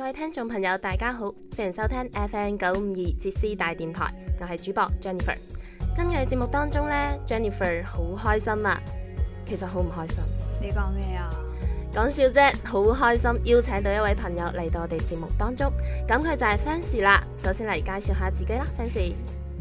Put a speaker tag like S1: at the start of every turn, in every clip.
S1: 各位聽眾朋友，大家好，歡迎收聽 FM 九五二哲思大電台，我係主播 Jennifer。今日嘅節目當中呢，Jennifer 好開心啊，其實好唔開心。你講咩啊？講笑啫，好開心，邀請到一位朋友嚟到我哋節目當中，咁佢就係 Fans 啦。首先嚟介紹下自己啦，Fans。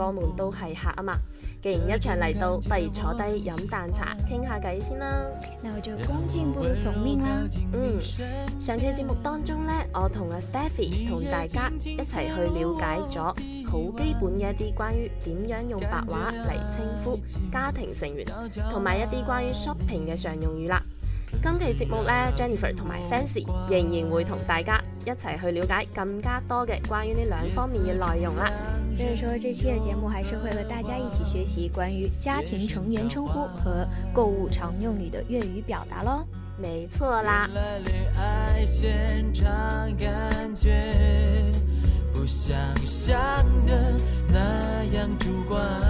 S1: 哥們都係客啊嘛，既然一場嚟到，不如坐低飲啖茶，傾下偈先啦。那我就恭敬不如從命啦。嗯，上期節目當中呢，我同阿 Stephy 同大家一齊去了解咗好基本嘅一啲關於點樣用白話嚟稱呼家庭成員，同埋一啲關於 shopping 嘅常用語啦。今期節目呢 Jennifer 同埋 Fancy 仍然會同大家一齊去了解更加多嘅關於呢兩方面嘅內容啦。所以說，這期嘅節目還是會和大家一起學習關於家庭成員稱呼和購物常用語的粵語表達咯。沒錯啦。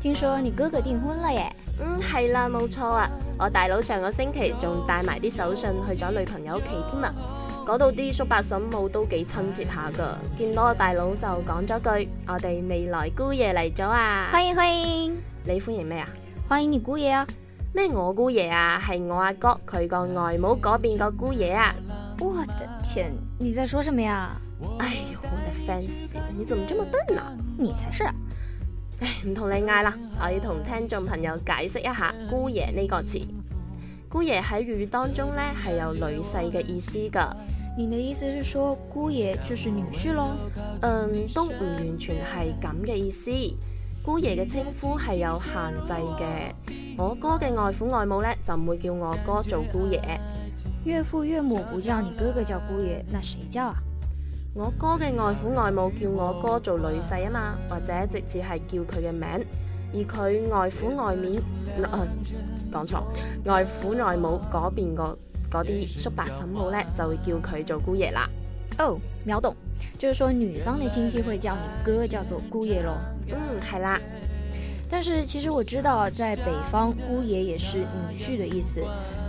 S1: 聽說你哥哥訂婚了耶？嗯，係啦，冇錯啊！我大佬上個星期仲帶埋啲手信去咗女朋友屋企添啊！嗰度啲叔伯嬸母都幾親切下噶，見到我大佬就講咗句：我哋未來姑爺嚟咗啊！歡迎歡迎，你歡迎咩啊？歡迎你姑爺啊！咩我姑爺啊？係我阿哥佢個外母嗰邊個姑爺啊！我的天，你在說什麼呀？哎呦，我的煩死了！你怎麼這麼笨呢啊？你才是。唔同你嗌啦，我要同聽眾朋友解釋一下“姑爺”呢個詞。姑爺喺粵語當中呢係有女婿嘅意思噶。你嘅意思是說姑爺就是女婿咯？嗯，都唔完全係咁嘅意思。姑爺嘅稱呼係有限制嘅。我哥嘅外父外母呢，就唔會叫我哥做姑爺。岳父岳母不叫你哥哥叫姑爺，那誰叫啊？我哥嘅外父外母叫我哥做女婿啊嘛，或者直接係叫佢嘅名，而佢外父外面，嗯、呃，講錯，外父外母嗰邊個嗰啲叔伯嬸母呢就會叫佢做姑爺啦。哦，秒懂，就是說女方嘅親戚會叫你哥叫做姑爺咯。嗯，係啦，但是其實我知道喺北方，姑爺也是女婿的意思。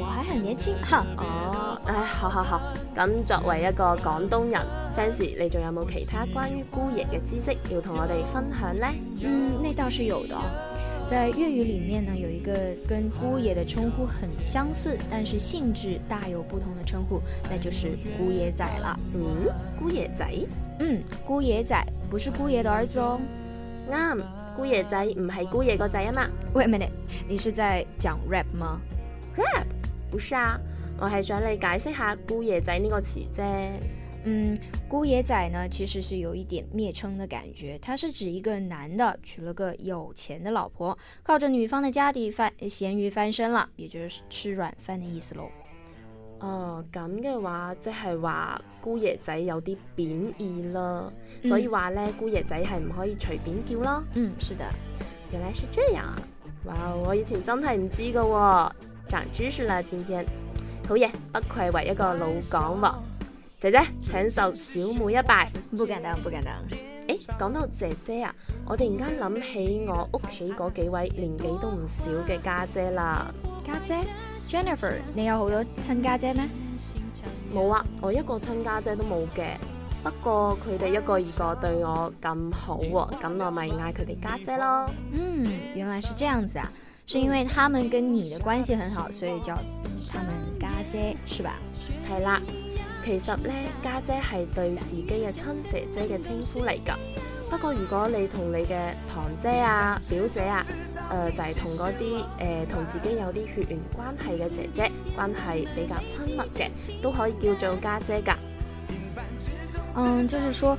S1: 我還很年輕，哈！哦，哎，好好好。咁作為一個廣東人 fans，你仲有冇其他關於姑爺嘅知識要同我哋分享呢？嗯，那倒是有的。在粵語裏面呢，有一個跟姑爺嘅稱呼很相似，但是性質大有不同的稱呼，那就是姑爺仔啦。嗯，姑爺仔，嗯，姑爺仔不是姑爺的兒子哦。啱，姑爺仔唔係姑爺個仔啊嘛。Wait minute，你是在講 rap 嗎？Rap 不是啊，我係想你解釋下姑爺仔呢個詞啫。嗯，姑爺仔呢其實是有一點蔑稱的感覺，他是指一個男的娶了個有錢的老婆，靠着女方的家底翻鹹魚翻身了，也就是吃軟飯的意思咯。哦，咁嘅話即係話姑爺仔有啲貶義啦，嗯、所以話呢姑爺仔係唔可以隨便叫咯。嗯，是的，原來是這樣啊。哇，我以前真係唔知噶。長知識啦，今天好嘢，不愧為一個老港喎、喔，姐姐請受小妹一拜，不敢當，不敢當。誒、欸，講到姐姐啊，我突然間諗起我屋企嗰幾位年紀都唔少嘅家姐啦。家姐，姐 Jennifer，你有好多親家姐咩？冇啊，我一個親家姐，姐都冇嘅，不過佢哋一個二個對我咁好、啊，咁我咪嗌佢哋家姐咯。
S2: 嗯，
S1: 原來是這樣子啊。是因為他們跟你的關係很好，所以叫他們家姐，是吧？係啦，其實呢，家姐係對自己嘅親姐姐嘅稱呼嚟噶。不過如果你同你嘅堂姐啊、表姐啊，誒、呃、就係同嗰啲誒同自己有啲血緣關係嘅姐姐關係比較親密嘅，都可以叫做家姐噶。嗯，就是說。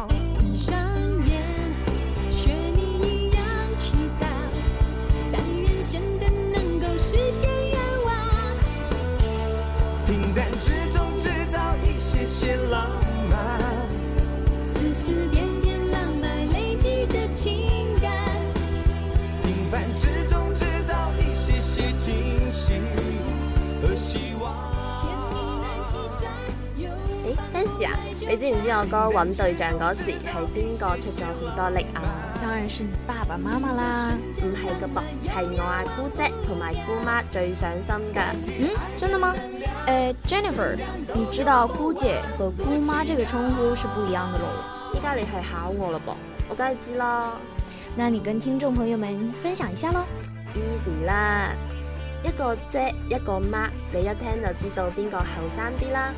S1: 唔知我哥揾對象嗰時係邊個出咗好多力啊？當然是你爸爸媽媽啦。唔係噶噃，係我阿姑姐同埋姑媽最上心噶。嗯，真的嗎？誒，Jennifer，你知道姑姐和姑媽這個稱呼是不一樣的咯。依家你係考我嘞噃？我梗係知啦。那你跟聽眾朋友們分享一下咯。Easy 啦，一個姐一個媽，你一聽就知道邊個後生啲啦。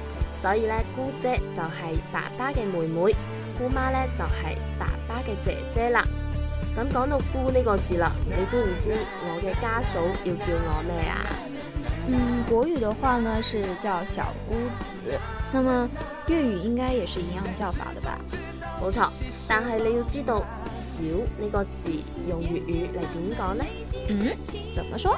S1: 所以呢，姑姐就係爸爸嘅妹妹，姑媽呢就係爸爸嘅姐姐啦。咁講到姑呢個字啦，你知唔知我嘅家嫂要叫我咩啊？嗯，國語的話呢，是叫小姑子。那麼粵語應該也是一樣叫法的吧？冇錯，但係你要知道小呢個字用粵語嚟點講呢？嗯，怎麼說？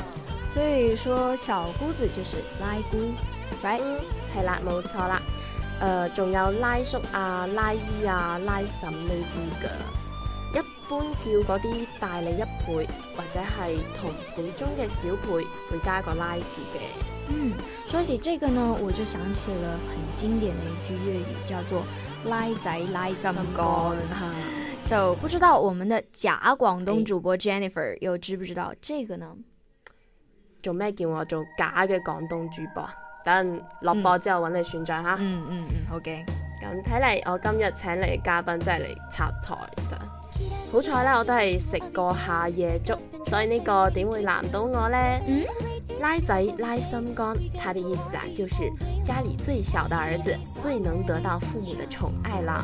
S1: 所以說小姑子就是拉姑，right 係、嗯、啦，冇錯啦。誒、呃，仲有拉叔啊、拉姨啊、拉嬸呢啲噶，一般叫嗰啲大你一輩或者係同輩中嘅小輩會加一個拉字嘅。嗯，說起這個呢，我就想起了很經典的一句粵語，叫做拉仔拉心肝，嗯。哈，so 不知道我們的假廣東主播 Jennifer、欸、又知不知道這個呢？做咩叫我做假嘅廣東主播？等落播之後揾你算賬哈！嗯嗯嗯，好、OK、驚。咁睇嚟我今日請嚟嘉賓真係嚟拆台，好彩啦，我都係食過下夜粥，所以個呢個點會難到我咧？嗯、拉仔拉心肝，n 他的意思啊，就是家裏最小的兒子，最能得到父母的寵愛啦。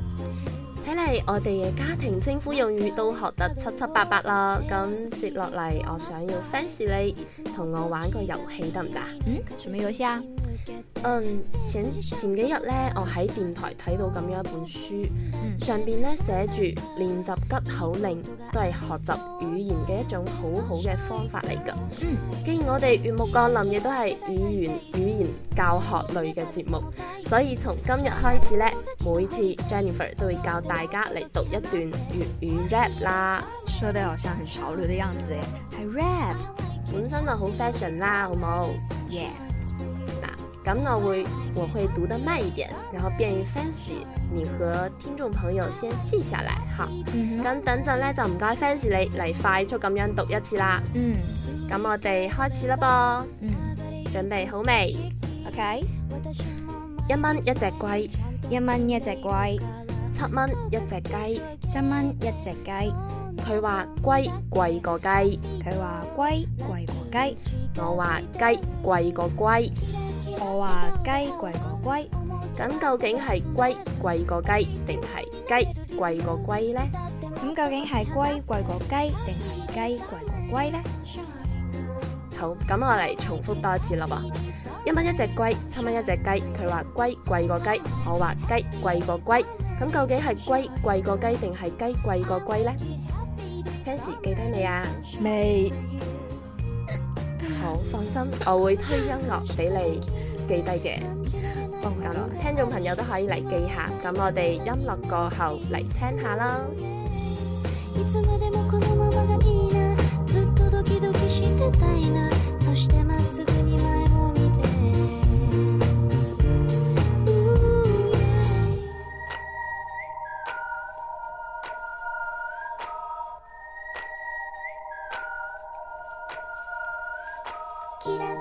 S1: 睇嚟我哋嘅家庭稱呼用語都學得七七八八啦，咁接落嚟我想要 fans 你同我玩個遊戲得唔得啊？嗯，什麼遊戲啊？嗯，前前幾日呢，我喺電台睇到咁樣一本書，嗯、上面呢寫住練習吉口令都係學習語言嘅一種很好好嘅方法嚟㗎。嗯，既然我哋月幕降臨亦都係語言語言教學類嘅節目，所以從今日開始呢。每一次 Jennifer 都會教大家來讀一段粵語 rap 啦，說的好像很潮流的樣子誒，係 rap，本身就很 fashion 啦，好冇？Yeah，嗱，咁我會我會讀得慢一點，然後便於 Fancy 你和聽眾朋友先記下來，吓，咁、mm hmm. 嗯、等陣呢就唔該 Fancy 你來快速這樣讀一次啦
S2: ，mm.
S1: 嗯，咁我哋開始啦噃，嗯，mm. 準備好未？OK，一蚊一隻龜。一蚊一隻龜，七蚊一隻雞，七蚊一隻雞。佢話龜貴過雞，佢話龜貴過雞。我話雞貴過龜，我話雞貴過龜。咁究竟係龜貴過雞定係雞貴過龜呢？咁究竟係龜貴過雞定係雞貴過龜呢？好，咁我嚟重複多次啦噃。一蚊一隻龜，七蚊一隻雞，佢話龜貴過雞，我話雞貴過龜，咁究竟係龜貴過雞定係雞貴過龜呢？平時記低未啊？未。好，放心，我會推音樂俾你記低嘅。好咁，聽眾朋友都可以嚟記下，咁我哋音樂過後嚟聽下啦。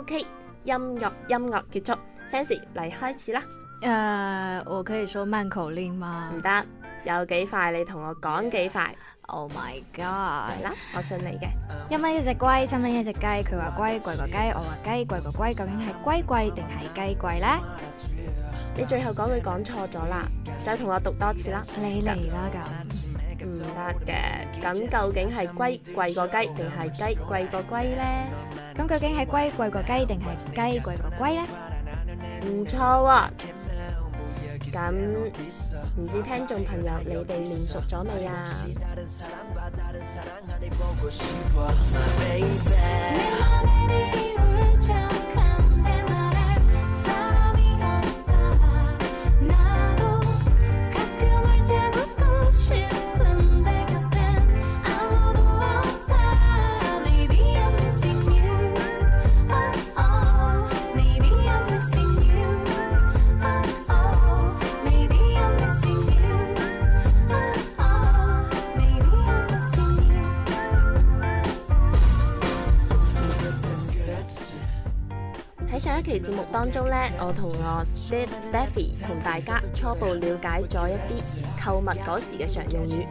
S1: O.K. 音樂音樂結束，Fancy 嚟開始啦。誒，我可以說慢口令嗎？唔得，有幾快你同我講幾快。Oh my god！啦，我信你嘅。一蚊一隻龜，三蚊一隻雞。佢話龜貴過雞，我話雞貴過龜。究竟係龜貴定係雞貴呢？你最後嗰句講錯咗啦，再同我讀多次啦。你嚟啦咁？唔得嘅。咁究竟係龜貴過雞定係雞貴過龜呢？咁究竟係龜貴過雞定係雞貴過龜呢？唔錯喎，啊，咁唔知聽眾朋友你哋練熟咗未啊？ 期節目當中呢，我同我 Steve 同大家初步了解咗一啲購物嗰時嘅常用語，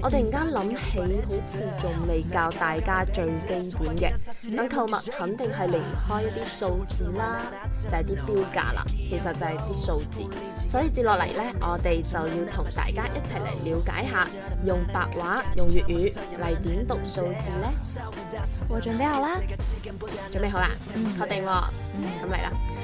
S1: 我突然間諗起，好似仲未教大家最基本嘅。等購物肯定係離唔開一啲數字啦，就係啲標價啦，其實就係啲數字。所以接落嚟呢，我哋就要同大家一齊嚟了解下，用白話、用粵語嚟，點讀數字呢？我準備好啦，準備好啦，嗯，確定，嗯，咁嚟啦。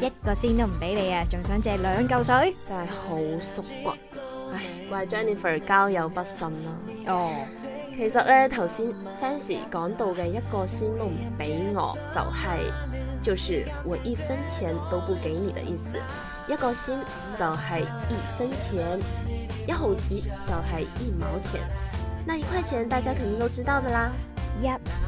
S1: 一個仙都唔俾你啊，仲想借兩嚿水？真係好縮骨，唉，怪 Jennifer 交友不慎啦、啊。哦，oh, 其實呢頭先 fans 講到嘅一個仙都唔俾我，就係、是、就是我一分錢都不給你的意思。一個仙，就係一分錢，一毫子就係一毛錢，那一塊錢大家肯定都知道的啦。一、yep.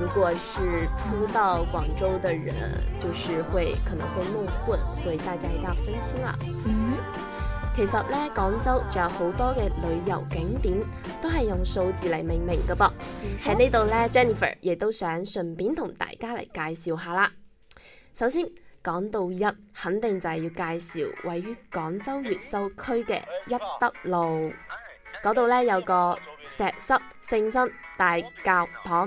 S1: 如果是初到廣州的人，就是會可能會弄混，所以大家一定要分清啦。嗯、其實呢，廣州仲有好多嘅旅遊景點都係用數字嚟命名㗎噃。喺、嗯、呢度呢，Jennifer 亦都想順便同大家嚟介紹下啦。首先講到一，肯定就係要介紹位於廣州越秀區嘅一德路嗰度、嗯、呢，有個石室聖心大教堂。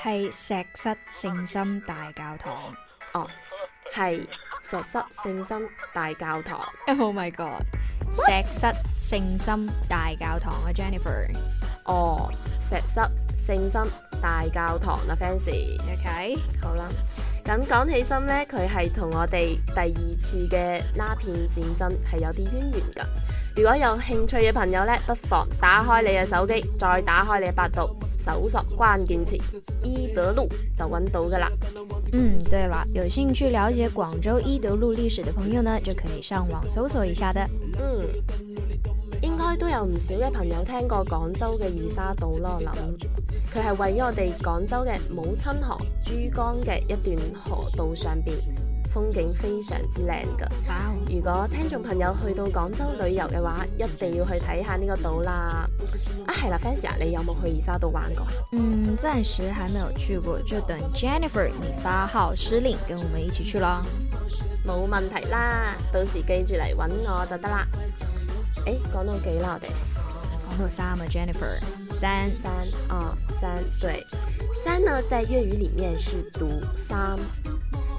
S1: 係石室聖心大教堂哦，係、oh, 石室聖心大教堂。Oh my God！What? 石室聖心大教堂啊，Jennifer 哦，oh, 石室。正心大教堂啊，fans，OK，Okay? 好啦，咁講起身呢，佢係同我哋第二次嘅鴉片戰爭係有啲淵源噶。如果有興趣嘅朋友呢，不妨打開你嘅手機，再打開你嘅百度，搜索關鍵詞：一德路，就揾到噶啦。
S2: 嗯，
S1: 對啦，有興趣了解廣州一德路歷史嘅朋友呢，就可以上網搜索一下的。嗯，應該都有唔少嘅朋友聽過廣州嘅二沙島咯，我諗。它是位於我們廣州的母親河珠江的一段河道上面，風景非常之靚噶。Wow. 如果聽眾朋友去到廣州旅遊的話，一定要去看下這個島啦。啊，係啦，f a n s i a 你有沒有去二沙島玩過？嗯，暫時還沒有去過，就等 Jennifer 你發號施令，跟我們一起去咯。冇問題啦，到時記住來找我就得啦。誒、欸，講到幾耐地？三嘛、啊、，Jennifer，三三二、哦、三，對，三呢，在粵語裏面是讀三，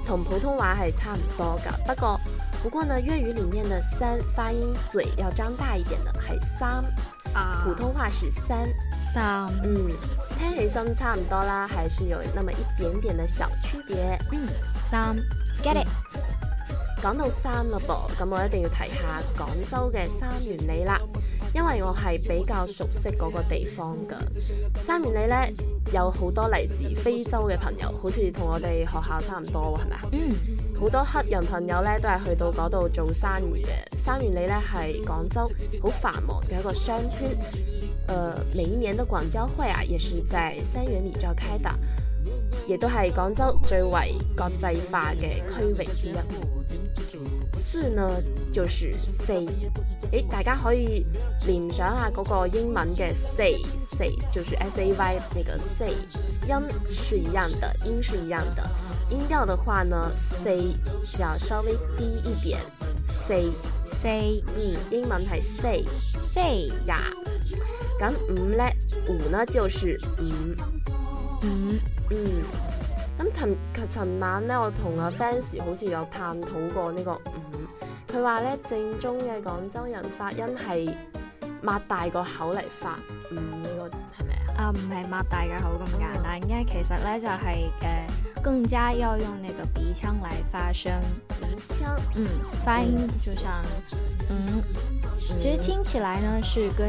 S1: 同普通話係差唔多噶。不過，不過呢，粵語裏面的三發音嘴要張大一點的，係三啊。Uh, 普通話是三，三嗯，聽起身差唔多啦，還是有那麼一點點的小區別。嗯，三，get it，講到三喇噃，咁我一定要提下廣州嘅三元里啦。因為我係比較熟悉嗰個地方㗎，三元里呢有好多嚟自非洲嘅朋友，好似同我哋學校差唔多喎，係咪？嗯，好多黑人朋友呢都係去到嗰度做生意嘅。三元里呢是係廣州好繁忙嘅一個商圈，誒、呃，每一年的廣交會啊，也是在三元里召開的，亦都係廣州最為國際化嘅區域之一。四呢就是 say，誒大家可以聯想下嗰個英文嘅 say，say 就是 S A Y 那個 say，音是一樣的，音是一樣的，音調的話呢 say 是要稍微低一點，say say，嗯，say，英文係 say say 呀、yeah，咁五呢五呢就是五五五。嗯嗯咁琴琴晚咧，我同阿 fans 好似有探討過呢、這個嗯，佢話咧正宗嘅廣州人發音係擘大個口嚟發嗯，呢、這個係咪啊？啊，唔係擘大個口咁簡單，嗯、因為其實咧就係、是、誒、呃、更加要用呢個鼻腔嚟發聲，鼻腔
S2: 槍嗯發音，
S1: 就像嗯，其實、嗯、聽起來呢是跟，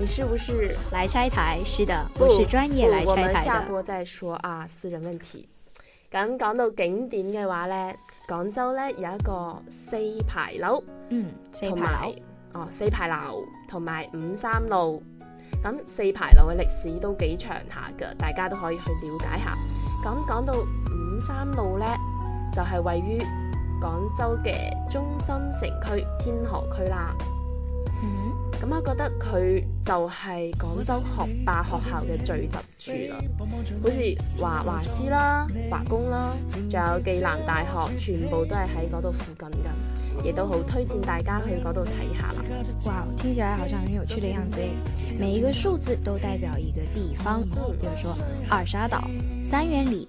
S1: 你是不是來拆檯？是的，不、哦、是專業來拆檯的、哦。我們下播再說啊，私人問題。咁講到景點嘅話呢，廣州呢有一個四牌樓，嗯，四牌樓，哦，四牌樓同埋五三路。咁四牌樓嘅歷史都幾長下噶，大家都可以去了解下。咁講到五三路呢，就係、是、位於廣州嘅中心城區天河區啦。Mm hmm. 嗯，咁我覺得佢就係廣州學霸學校嘅聚集處喇，好似華華師啦、華工啦，仲有暨南大學，全部都係喺嗰度附近的，也都好推薦大家去嗰度睇下啦。哇，聽起來好像好有趣嘅樣子誒，每一個數字都代表一個地方，比如說二沙島、三元里。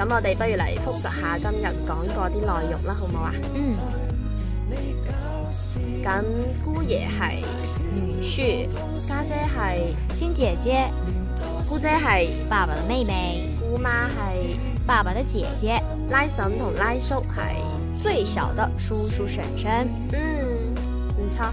S1: 咁我哋不如嚟復習下今日講過啲內容啦，好唔好啊？嗯。咁姑爺係女婿，家姐係親姐姐，姑姐係爸爸的妹妹，姑媽係爸爸的姐姐，拉嬸同拉叔係最小的叔叔嬸嬸。嗯，唔錯。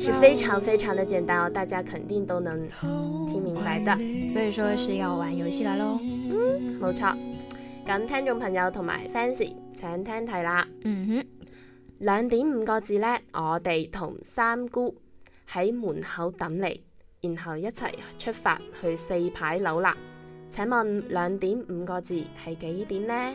S1: 是非常非常的簡單哦，大家肯定都能聽明白的，所以說是要玩遊戲來嘍。嗯，冇錯，咁聽眾朋友同埋 fans，請聽題啦。嗯哼，兩點五個字呢，我哋同三姑喺門口等你，然後一齊出發去四牌樓啦。請問兩點五個字係幾點呢？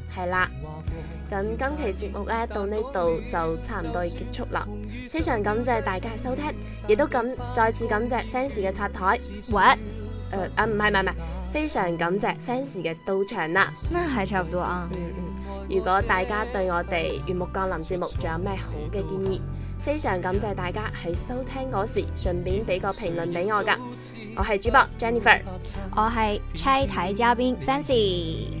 S1: 係啦，咁今期節目呢到呢度就差唔多要結束啦，非常感謝大家嘅收聽，亦都咁再次感謝 fans 嘅拆台。喂、呃，誒啊唔係唔係唔係，非常感謝 fans 嘅到場啦。那係差唔多啊，嗯嗯。如果大家對我哋月幕降臨節目仲有咩好嘅建議，非常感謝大家喺收聽嗰時順便俾個評論俾我噶。我係主播 Jennifer，我係拆台嘉賓 Fancy